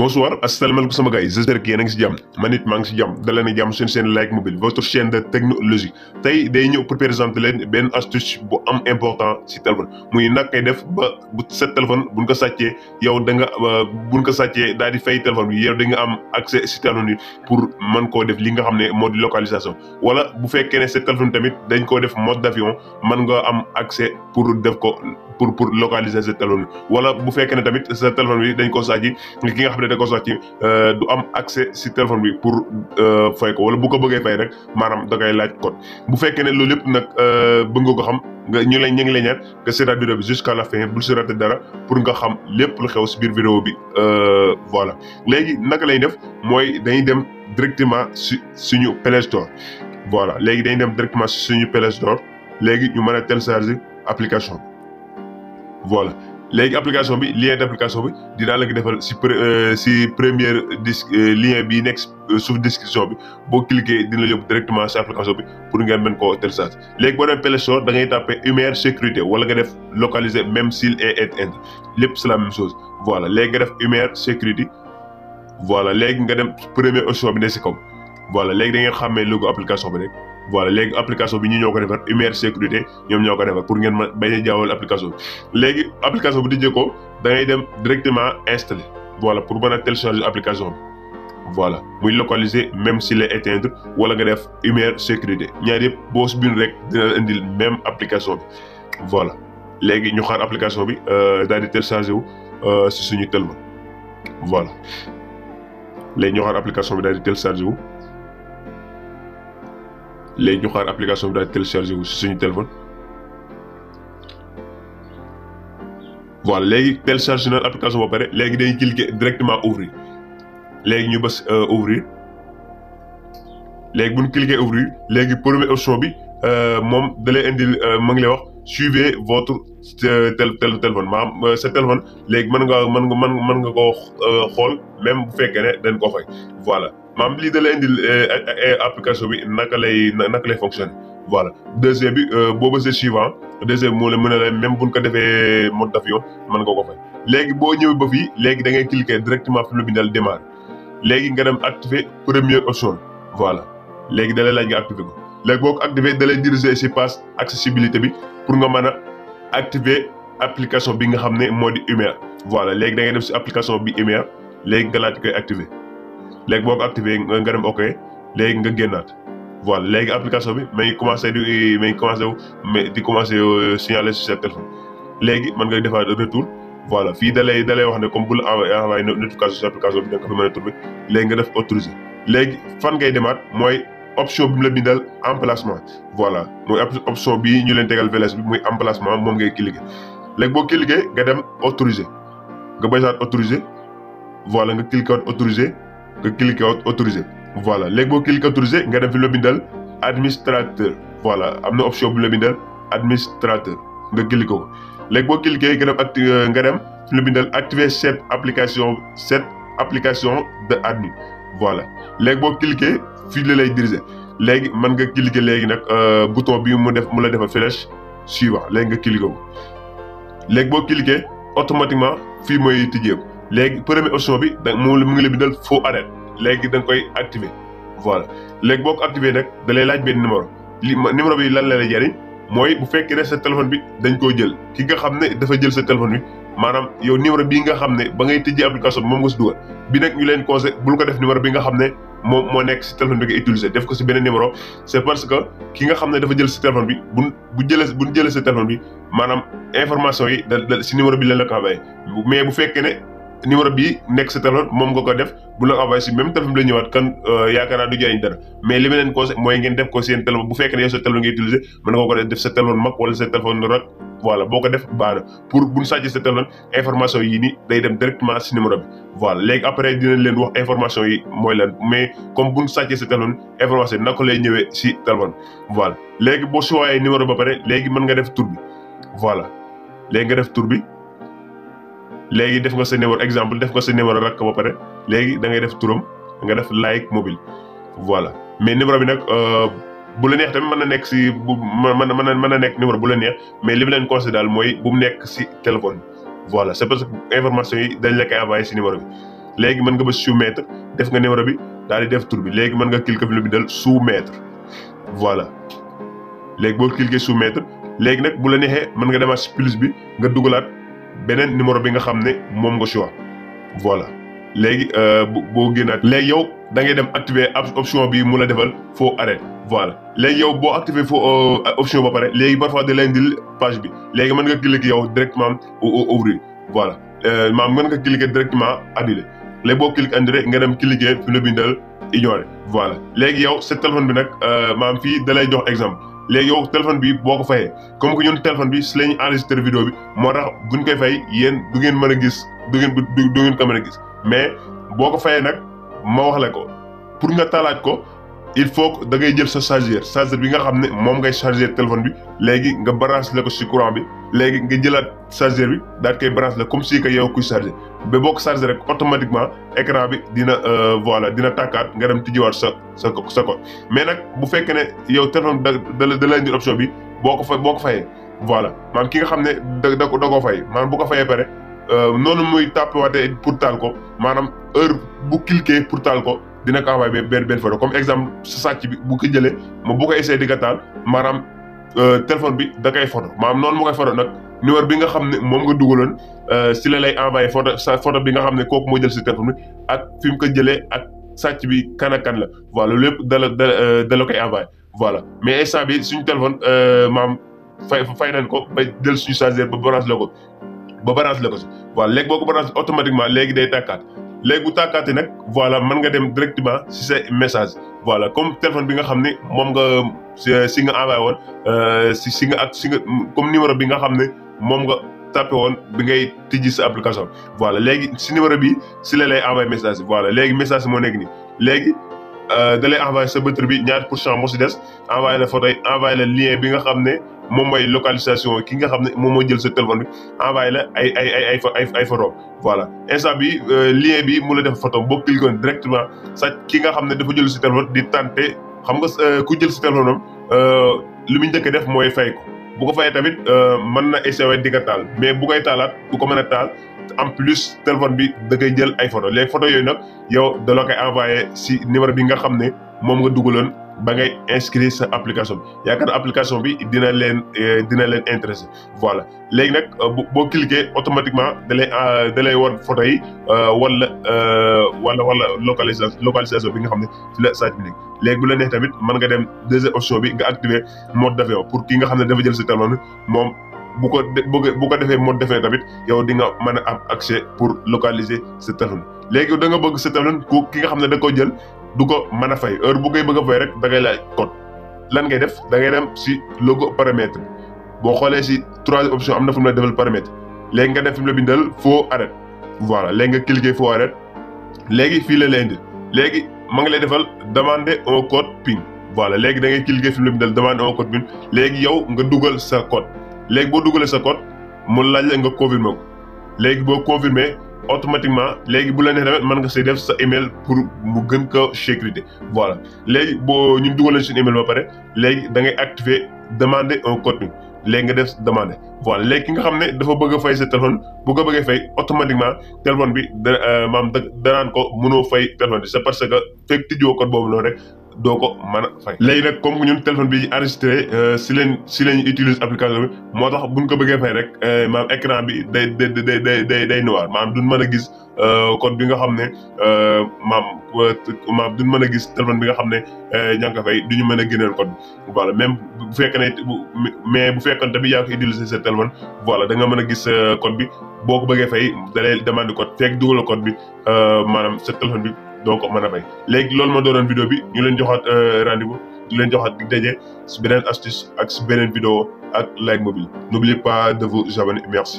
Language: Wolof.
bonsoir asalaamaaleykum sama gars yi j'espère que yéen a ngi si jàmm man si jàmm dalee na jàmm seen seen like mobile votre chaîne de technologie tey day ñëw pour présenter leen benn astuce bu am important si téléphone muy nag kay def ba bu téléphone buñ ko sàccee yow da nga buñ ko sàccee daal di fay téléphone bi yow da nga am accès si koo def li nga xam ne moo di localisation bu fekkee ne sa téléphone tamit dañ koo def mode d'avion man nga am accès pour def ko pour pour localiser sa téléphone bi wala bu fekkee ne de ko euh, du am accès si téléphone bi pour euh, fay ko wala bu ko bëggee fay rek maanaam da koy laaj code bu fekkee ne loolu yëpp nag euh, bëgg nga xam nga ñu lay ñu ngi ñaan nga seetaat vidéo bi jusqu'à la fin bul si raté dara pour nga xam lépp lu xew si biir vidéo bi voilà léegi naka lañ def mooy dañuy dem directement si suñu Play Store voilà léegi dañuy dem directement suñu Play Store léegi ñu mën a télécharger application voilà léegi application bi lien d' application bi dinaa la ko defal si euh, si première dis euh, lien bi nekk suuf description bi boo cliquer dina la yóbbu directement si application bi pour ngeen mën koo télécharge léegi boo demee Play Store da ngay tapé sécurité wala nga def localiser même s'il est int lépp c'est la même chose voilà léegi nga def Umer sécurité voilà léegi nga dem première option bi ne si kaw voilà léegi da ngeen xàmmee logo application bi rek. voilà léegi application bi ñu ñoo ko defar humeur sécurité ñoom ñoo ko defar pour ngeen ma bañ a jaawal application bi léegi application bi di ko da dem directement installé voilà pour mën a télécharger application bi voilà muy localiser même si lay éteindre wala nga def humeur sécurité ñaar yëpp boo si bind rek dina indil même application bi voilà léegi ñu xaar application bi euh, daal di téléchargé wu euh, si suñu téléphone voilà léegi ñoo xaar application bi daal di téléchargé wu. léegi ñu xaar application bi daal di téléchargé wu suñu téléphone voilà léegi téléchargé naan application ba pare léegi dañuy cliquer directement ouvrir léegi ñu bës euh, ouvrir léegi bu ñu cliquer ouvrir léegi première option bi euh, moom da indi indil euh, ma ngi lay wax suivez votre tel téléphone maanaam sa téléphone léegi mën nga mën nga mën nga ko xool même bu fekkee ne dañ ko fay voilà. maam lii da lay indil eh, eh, application bi naka lay naka lay fonctionner voilà deuxième bi euh, boo bësee suivant deuxième moo la mën a la même buñ ko defee mode d'avion mën nga ko fay léegi boo ñëwee ba fii léegi da ngay cliquer directement fi lu bindal démarrer léegi nga dem activer première option voilà léegi da lay laaj nga ko léegi boo ko activer da lay diriger si pass accessibilité bi pour nga man a activer application bi nga xam ne moo di Umer voilà léegi da ngay def si application bi Umer léegi nga laaj koy léegi boo ko activé nga dem ok léegi nga génnaat voilà bi may commencé di may commencé wu mais commencé euh, signaler sur sa mën nga defaat retour voilà fii da da lay wax ne comme bu la envoyé envoyé notification sur application bi nga def autorisé léegi fan ngay demaat mooy option bi mu la dal emplacement voilà mooy option bii ñu leen tegal VLS bi muy emplacement moom ngay cliqué léegi boo cliqué nga dem autorisé nga béy saat autorisé voilà nga cliqué waat autorisé nga cliquer autorisé voilà léegi boo cliquer autorisé nga dem fi la bindal administrateur voilà am na option bu la bindal administrateur nga cliquer ko léegi boo cliquer nga dem act euh, nga dem fi la bindal activer cette application cette application de admin voilà léegi boo cliquer fii la lay diriger léegi man nga cliquer léegi nag euh, bouton bi mu def mu la defal flèche suivant léegi nga cliquer ko léegi boo cliquer automatiquement fii mooy tijjeeku. léegi première option bi da moom mu ngi la bindal faux arrêt léegi da nga koy activé voilà léegi boo ko activé nag da lay laaj benn numéro li numéro bi lan la lay jariñ mooy bu fekkee ne sa téléphone bi dañ koo jël ki nga xam ne dafa jël sa téléphone bi maanaam yow numéro bii nga xam ne ba ngay tëjee application bi moom si dugal bi nag ñu leen conseil bul ko def numéro bi nga xam ne moom moo nekk si téléphone bi nga utilisé def ko si beneen numéro c'est parce que ki nga xam ne dafa jël sa téléphone bi bu bu jëlee bu jëlee sa téléphone bi maanaam information yi da si numéro bi lañ la ko xamee mais bu fekkee ne numéro bi nekk sa téléphone moom nga ko def bu la envoyé si même téléphone bi la ñëwaat kan euh, yaakaar naa du jëriñ dara mais li ma leen conseil mooy ngeen def ko seen téléphone bu fekkee ne yow sa téléphone ngay nga ko def sa téléphone mag sa téléphone rak voilà boo pour bu ñu sàccee sa téléphone information yii nii day dem directement si numéro bi voilà léegi après dinañ leen wax information yi mooy lan mais comme bu ñu sàccee sa téléphone information yi naka lay ñëwee si téléphone voilà léegi boo choisir numéro ba pare léegi mën nga def tur bi voilà léegi nga def bi léegi def nga sa numéro exemple def nga sa numéro rakk ba pare léegi da def turam nga def like mobile voilà mais numéro bi nag euh, bu la neex tamit mën na nekk si bu mën mën mën na nekk numéro bu la neex mais li leen conseillé daal mooy bu nekk si téléphone voilà c'est information yi dañ la koy envoyé si numéro bi léegi mën nga ba soumettre def nga numéro bi daal def tur bi léegi mën nga cliquer fi lu bi dal soumettre voilà léegi boo cliquer soumettre léegi nag bu la neexee mën nga demaat si plus bi nga dugalaat beneen numéro bi nga xam ne moom nga choix voilà léegi euh, bu boo génnaat léegi yow da ngay dem activer option bi mu la defal foo arrêt voilà léegi yow boo activer faux euh, option ba pare léegi parfois da lay indil page bi léegi mën nga cliquer yow directement ouvrir voilà euh, maam mën nga cliquer directement annulé léegi boo ki annulé nga dem cliquer fi la bindal ignorer voilà léegi yow sa téléphone bi nag maam fii da lay jox exemple léegi yow téléphone bi boo ko fayee comme que ñun téléphone bi si la ñu enregistré vidéo bi moo tax buñ koy fay yéen du ngeen mën a gis du ngeen du ngeen ko mën a mais boo ko fayee nag ma wax ko pour nga talaaj ko il faut que da ngay jël sa chargeur chargeur bi nga xam ne moom ngay chargé téléphone bi léegi nga branché la ko si courant bi léegi nga jëlaat chargeur bi daal koy branché la comme si que yow kuy chargé ba boo ko chargé rek automatiquement écran bi dina euh, voilà dina tàkkaat nga dem tijjiwaat sa sa sa ko mais nag bu fekkee ne yow téléphone da da da la indil option bi boo ko fa boo ko fayee voilà maanaam ki nga xam ne da da koo fay maanaam bu ko fayee pare euh, noonu muy tàppiwaatee pour taal ko maanaam heure bu cliquer pour taal ko dina ko envoyé benn benn photo comme exemple sa sàcc bi bu ko jëlee ma bu ko essayé di ko maanaam. Euh, téléphone bi da koy photo maanaam noonu mu koy photo nag numéro bi nga xam ne moom nga dugaloon euh, si la lay envoyé photo bi nga xam ne kooku moo jël si téléphone ak fi mu ko jëlee ak sàcc bi kan la voilà lépp dala dala euh, dala koy envoyé voilà mais instant bi suñu téléphone maam fay fay nañ ko ba jël suñu chargeur ba branche la ko ba branche la ko si voilà léegi boo ko branche automatiquement léegi day tàkkaat léegi bu tàkkaatee nag voilà mën nga dem directement si sa message voilà comme téléphone bi nga xam ni moom nga euh, si nga envoyé woon euh, si si nga si comme numéro bi nga xam ne moom nga tapé woon bi ngay tijji sa application voilà léegi si numéro bi si la lay envoyé message voilà léegi message moo nekk nii léegi. Euh, da lay envoyé sa batterie bi ñaar pour cent moo si des envoyé la photo yi envoyé la lien bi nga xam ne moo mooy localisation ki nga xam ne moom moo jël sa téléphone bi envoyé la ay ay ay ay ay photo voilà instant bi euh, lien bi mu la def photo boo cliquoon directement sa ki nga xam ne dafa jël sa téléphone di tenter xam nga euh, ku jël sa téléphone am lu muy njëkk def mooy fay bu ko fayee tamit mën na essayer di nga taal mais bu koy taalaat bu ko mën a taal. en plus téléphone bi da jël ay photo léegi photo yooyu nag yow da la koy envoyé si numéro bi nga xam ne moom nga dugaloon ba ngay inscrire sa application bi yaakaar application bi dina leen euh, dina leen intéressé voilà léegi nag euh, boo cliquer automatiquement da lay euh, da lay wan photo yi wala wala wala localisation localisation bi nga xam ne ci la site bi nekk léegi bu la neex tamit mën nga dem deuxième option bi nga activer mode d'avion pour ki nga xam ne dafa jël sa téléphone moom bu ko bu ko defee moo defee tamit yow di nga mën a ab accès pour localiser sa téléphone léegi da nga bëgg sa téléphone ku ki nga xam ne da ko jël du ko mën a fay heure bu koy bëgg a fay rek da ngay laaj code lan ngay def da ngay dem si logo paramètre boo xoolee si trois options am na fu mu la defal paramètre léegi nga def fi mu la bindal foo arrêt voilà léegi nga cliquer foo arrêt léegi fii la lay indi léegi ma ngi lay defal demande un code PIN voilà léegi da ngay cliquer fi mu la bindal demander un léegi yow nga dugal sa léegi boo dugalee sa code mu laaj la nga confirmer ko léegi boo confirmer automatiquement léegi bu la neexee tamit mën nga si def sa email pour mu gën ko sécurité voilà léegi boo ñu dugalee suñu email ba pare léegi da ngay activer demander un contenu léegi nga def demander voilà léegi ki nga xam ne dafa bëgg fay sa téléphone bu ko bëggee fay automatiquement téléphone bi da euh, maam danaan ko mënoo fay téléphone bi c'est parce que fekk tijjoo code boobu noonu rek doo ko mën a fay. léegi nag comme ñun téléphone bi enregistré euh, si leen si leen utilise application bi moo tax bu buñ ko bëggee fay rek euh, maam écran bi day day day day day noir maam duñ mën a gis euh, code bi nga xam ne maam maam duñ mën a gis téléphone bi nga xam ne ña nga fay ñu mën a génneel code bi même bu fekkee ne mais bu fekkoon tamit yaa ko utilisé sa téléphone voilà da nga mën a gis code bi boo ko bëggee fay da lay demande code fekk dugal code bi maanaam sa téléphone bi. donc ko mën a bay léegi loolu ma doonoon vidéo bi ñu leen joxaat euh, rendez-vous ñu leen joxaat dig daje beneen astuce ak si beneen vidéo ak Like Mobile n'oubliez pas de vous abonner merci